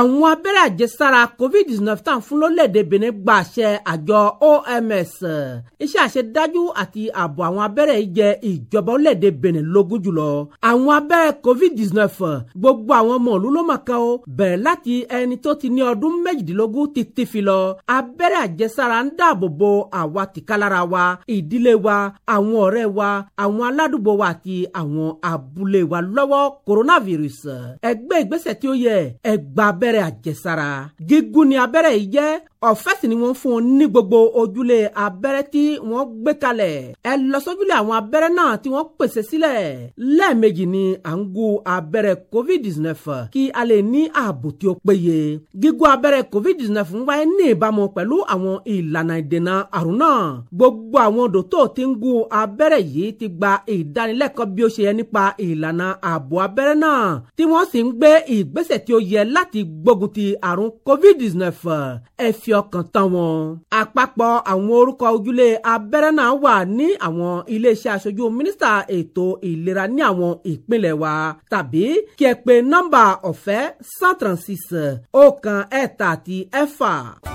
àwọn abẹ́rẹ́ àjẹsára covid-19 tá à ń fún lórílẹ̀‐èdè benin gba àṣẹ àjọ oms iṣẹ́ àṣedájú àti ààbò àwọn abẹ́rẹ́ yìí jẹ́ ìjọba orílẹ̀‐èdè benin lógún jùlọ àwọn abẹ́rẹ́ covid-19 gbogbo àwọn ọmọ òlu ló mọ̀ kan ó bẹ̀rẹ̀ láti ẹni tó ti ní ọdún méjìdínlógún títí fi lọ abẹ́rẹ́ àjẹsára ń dáàbò bo àwa tìkálára wa ìdílé wa àwọn ọ̀rẹ́ wa àwọn aládùúgbò wa àti àwọn abúlé wa lọ́wọ́ coronavirus ẹgbẹ́ ìgbésẹ̀ tí ó yẹ ẹgbàá abẹ́rẹ́ àjẹsára. gígún ni abẹ́rẹ́ yìí jẹ́ ọ̀fẹ́ sì ni wọ́n fún un ní gbogbo ojúlé abẹ́rẹ́ tí wọ́n gbé kalẹ̀ ẹ lọ sójúlé àwọn abẹ́rẹ́ náà tí wọ́n pèsè sílẹ̀ lẹ́ẹ̀mejì ni à ń gun abẹ́rẹ́ covid-19 kí a lè ní ààbò tí ó péye gígùn abẹ́rẹ́ covid-19 ń wáyé ní ìbámu pẹ̀lú àwọn ìlànà ìdènà àrùn náà gbogbo àwọn odò tó ti ń gun abẹ́rẹ́ yìí ti gba ìdánilẹ́kọ̀ọ́ bí ó ṣe yẹ nípa ìlànà ààbò abẹ́rẹ́ náà tí wọ́n sì ń gbé ìgbésẹ̀ tí ó yẹ láti gbógun ti àrùn covid-19 ẹ fi ọkàn tán wọn. àpapọ̀ àwọn orúkọ ojúlé abẹ́rẹ́ náà wà ní àwọn iléeṣẹ́ aṣojú mínísítà ètò ìlera ní àwọn ìpínlẹ̀ wa tàbí kí ẹ pè nọ́mbà ọ̀fẹ́ 136 ọ̀kan ẹ̀ta àti ẹ̀fà.